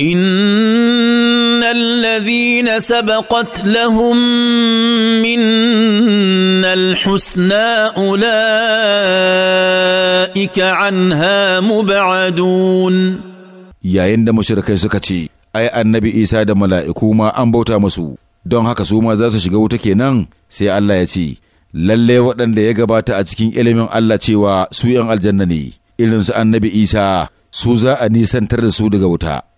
ان الذين سبقت لهم منا الحسنى اولئك عنها مبعدون yayin da mashirkai suka ce ai annabi isa da mala'iku ma an bauta musu don haka su ma za su shiga wuta kenan sai allah ya ce lalle waɗanda ya gabata a cikin ilimin allah cewa su ‘yan aljanna ne irinsu annabi isa su za a nisantar da su daga wuta